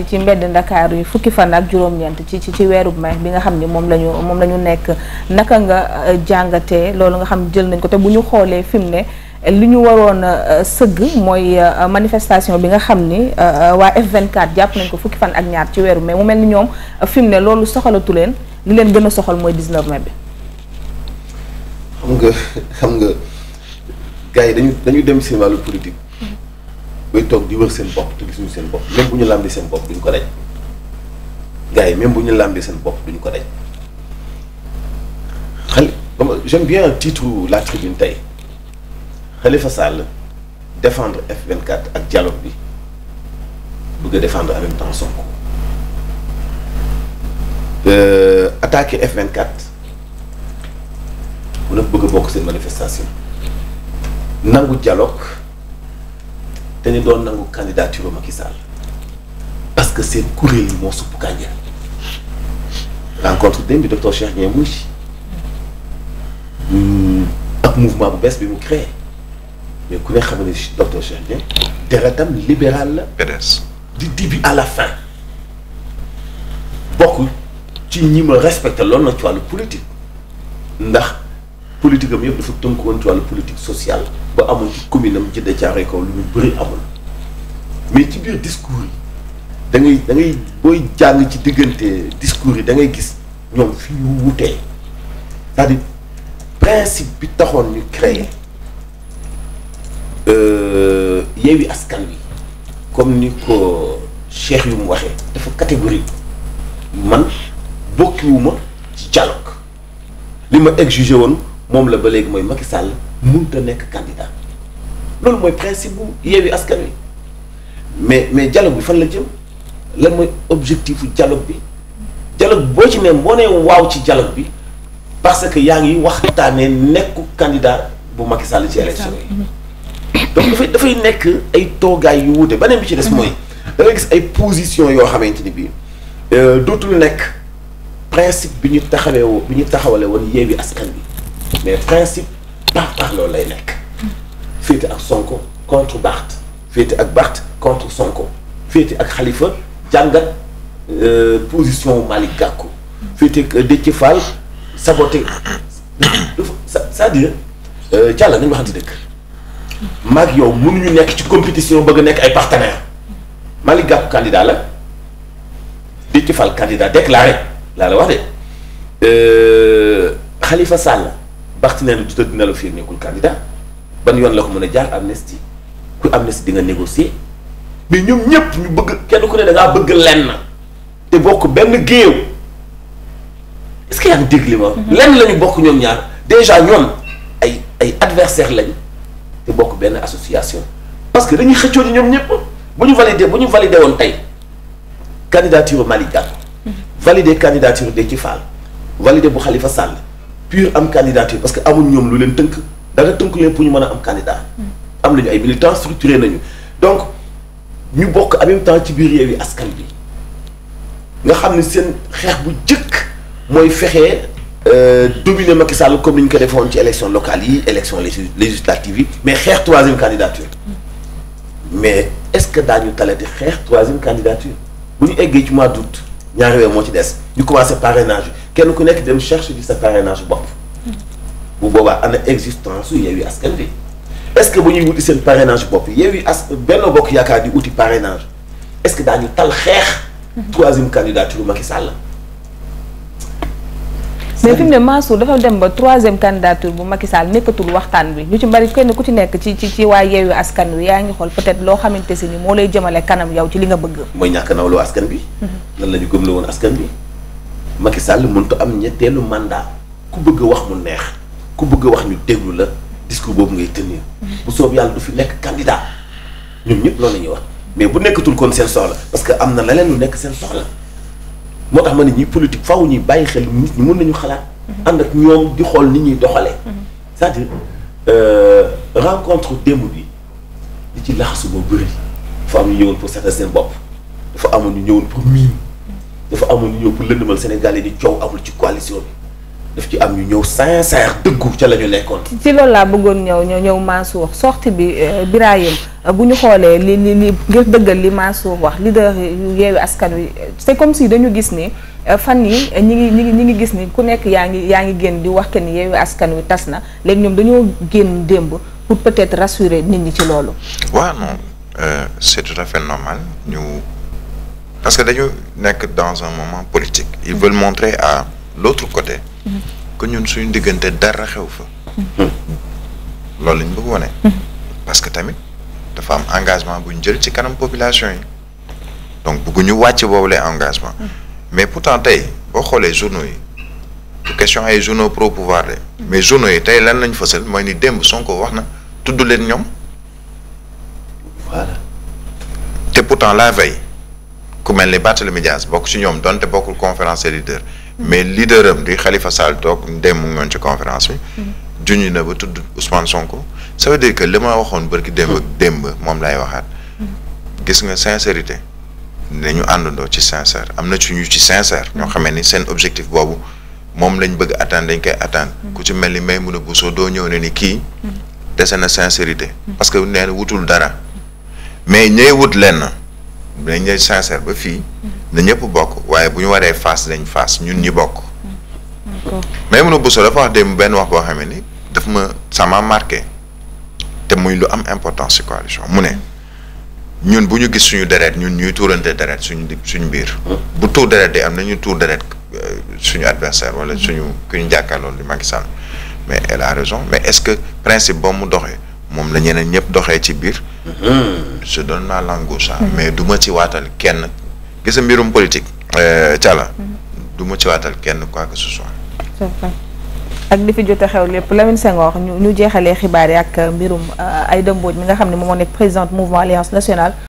wàcc ci mbedd ndakaar yi fukki fan ak juróom-ñeent ci ci ci weerub mai bi nga xam ni moom la ñu moom la ñu nekk naka nga euh, jàngate loolu nga xam jël nañ ko te bu ñu xoolee fi mu ne li ñu waroon euh, sëgg mooy euh, manifestation bi nga xam ni waa F24 jàpp nañ ko fukki fan ak ñaar ci weeru mai mu mel ni ñoom fi mu ne loolu soxalatu leen li leen gën a soxal mooy 19 mai bi. xam nga xam nga gars dañu dem seen wàllu bay toog di wër seen bopp te gisuñu seen bopp même bu ñu làmbi seen bopp duñ ko daj gars yi bu ñu làmbi seen bopp duñ ko daj xale j'aime bien titre la tribune tey Khalifa Sall defendre F24 ak dialogue bi bëgg a défendre en même temps Sonko euh, attaquer f bëgg a bokk seen manifestation nangu dialogue dañu doon nangu candidature Macky Sall parce que seen kuréel moo supp kànja rencontre démb bi docteur Cheikh Ndiaye ci hmm, ak mouvement bu bees bi mu créé mais ku ne xam ne docteur Cheikh Ndiaye deretam libéral la. PDS à la fin bokk ci ñi ma respecté loolu nag ci wàllu politique ndax politique am yëpp dafa tënk woon ci wàllu politique sociale. ba amul ci commune am Djeddah Thiaroye Kaw lu ñu bëri amul mais ci biir discours yi da ngay da ngay booy jàng ci diggante discours yi da ngay gis ñoom fi ñu wutee cest à principe bi taxoon ñu créer euh, Yewwi Askan Wi comme ni ko cheikh yu mu waxee dafa catégorie man bokkiwuma ci dialogue li ma exigé woon moom la ba léegi mooy Macky Sall mënut a nekk candidat loolu mooy principe bu Yewwi Askan Wi mais mais dialogue bi fan la jëm lan mooy objectif bu dialogue bi dialogue boo ci ne boo ne waaw ci dialogue bi parce que yaa ngi waxtaanee nekku candidat bu Macky Sall ci élection yi donc dafay dafay nekk ay toogaay yu wuute beneen bi ci des mhm. mooy da ay position yoo xamante ni bii euh, dootul nekk principe bi ñu taxawee bi ñu taxawale woon Yewwi Askan Wi mais principe par parloo lay nekk féete ak Sonko contre Barth féete ak Barth contre Sonko féete ak xalifa jàngat euh, position Malick Gakou féete ak euh, Déthié Fall saboté c'est-à-dire euh, Thiala nañu waxante dëgg maag yow mënuñu nekk ci compétition bëgg nekk ay partenaire Malick Gakou candidat la Déthié Fall candidat déclaré laa la wax de Khalifa Sall Barthélémy du tëdd nelaw fii nekkul candidat ban yoon la ko mën a jaar amnistie ku amnistie di nga négocier ñoom ñëpp ñu bëgg kenn ku ne da ngaa bëgg lenn te bokk benn géew est-ce yaa ngi dégg li ma mhm. lenn la ñu bokk ñoom ñaar déjà ñoom ay ay adversaire lañ te bokk benn association parce que dañuy xëccoo ni ñoom ñëpp bu ñu validé ba ñu validé woon tey candidature Malick Gakou mhm. valider de Déthié Fall valider bu xalifa sàll pur am candidature parce que amuñ ñoom lu leen tënk dara tënk leen pour ñu mën a am candidat am nañu ay militants structuré nañu donc ñu bokk en même temps ci biir Yewwi Askan Wi nga xam ne seen xeex bu jëkk mooy fexee euh, dominer Macky Sall comme ni ñu ko defoon ci élection locale yi élection législative yi mais xeex troisième candidature mais est-ce que daañu talati xeex troisième candidature bu ñu eggee ci mois d'août ñaari weer moo ci des ñu commencé parrainage kenn ku nekk dem cherche di sa parrainage bopp bu boobaa ana existence su Yewwi Askan bi est que bu ñuy wuti seen parrainage bopp Yewwi as benn bokk yaakaar di wuti parrainage est-ce que daañu tal xeex troisième candidature Macky Sall mais fi mu ne Mansour dem ba troisième candidature bu Macky Sall nekkatul waxtaan bi ñu ci bari kenn ku ci nekk ci ci ci waa Yewwi Askan Wi yaa ngi xool peut-être loo xamante si ni moo lay jëmale kanam yow ci li nga bëgg mooy ñàkk nawloo askan bi mm-hmm. lan la ñu woon askan bi Macky Sall mënut am ñetteelu mandat ku bëgg wax mu neex ku bëgg wax ñu déglu la discours boobu ngay nii bu soob yàlla du fi nekk candidat ñoom ñëpp loolu la ñuy wax mais bu nekkatul kon seen soxla parce que am na leneen lu nekk seen soxla moo tax ma ne ñuy politique faw ñuy bàyyi xel nit ñi mën nañu xalaat. ànd ak ñoom di xool ni ñuy doxalee. cest à euh, rencontre démb bi li ci laxasu boo bëri dafa am ñu ñëwoon pour seetal seen bopp dafa amoon ñu ñëwoon pour dafa amul ñëw pour lëndëmal Sénégal yi di coow amul ci coalition bi daf ci am ñu ñëw sincère dëggu ca la ñu nekkoon. ci loolu laa bëggoon ñëw ñëw ñëw Mansour sortie bi euh, Birahim euh, bu ñu xoolee li li ngir dëggal li Mansour wax leader yu yeewi askan wi c'est comme si dañu gis ni euh, fan yi ñi ngi ñi ngi ñi ngi gis ni ku nekk yaa ngi yaa ngi génn di wax que ni yeewi askan wi tas na léegi ñoom dañoo génn démb pour peut-être rassurer nit ñi ci loolu. waa non c'est tout à fait normal parce que dañu nekk dans un moment politique. ils veulent montrer à l'autre côté. que ñun suñu diggante dara xew fa. loolu lañ bëgg wane. parce que tamit dafa am engagement bu ñu jël ci kanam population yi. donc ñu wàcc boobu lay engagement. mais pourtant tey boo xoolee journaux yi. du question ay journaux pro pouvoir de. mais journaux yi tey lan lañ fësal mooy ni démb Sonko wax na tudd leen ñoom. voilà. te pourtant la veille. ku mel ni Barthélemy Dias bokk ci ñoom donte bokkul conférence des leaders mm-hmm. mais leader am di Khalifa Sall toog dem mu ngi ci conférence bi. Mm-hmm. juñu na ba tudd Ousmane Sonko. ça veut dire que li ma waxoon bërki démb mm-hmm. démb moom laay waxaat. gis nga ne ñu àndandoo ci sincère am na ci ñu ci sincère. ñoo xamee ni seen objectif boobu moom lañ bëgg atteindre dañ koy atteindre. ku ci mel ni Maimouna Bousso doo ñëw ne ni kii. dese na sincérité. parce que wutul dara. mais ñooy dañ lay sincère ba fii na ñëpp bokk waaye bu ñu waree faas dañ faas ñun ñi bokk mais munu Bousso dafa wax démb benn wax boo xamee ni daf ma sama marqué te muy lu am important ci coalition mu ne ñun bu ñu gis suñu deret ñun ñuy tuurante deret suñu suñu biir bu tuur deret di am nañu tuur deret euh, suñu adversaire wala suñu ku ñu jàkkaarloo di Macky Sall mais elle a raison mais est-ce que principe boo mu doxee moom la ñeneen ñëpp doxee ci biir. Mm-hmm. je donne ma langue mm-hmm. mais du ma ci waatal kenn gisa mbirum politique. Euh, Thiala. Mm-hmm. du ci waatal kenn quoi que ce soit. ak li fi jot a xew lépp Lamine Senghor ñu ñu jeexalee xibaar yi ak mbirum euh, ay Mbodj mi nga xam ne moom moo nekk présidente mouvement alliance nationale.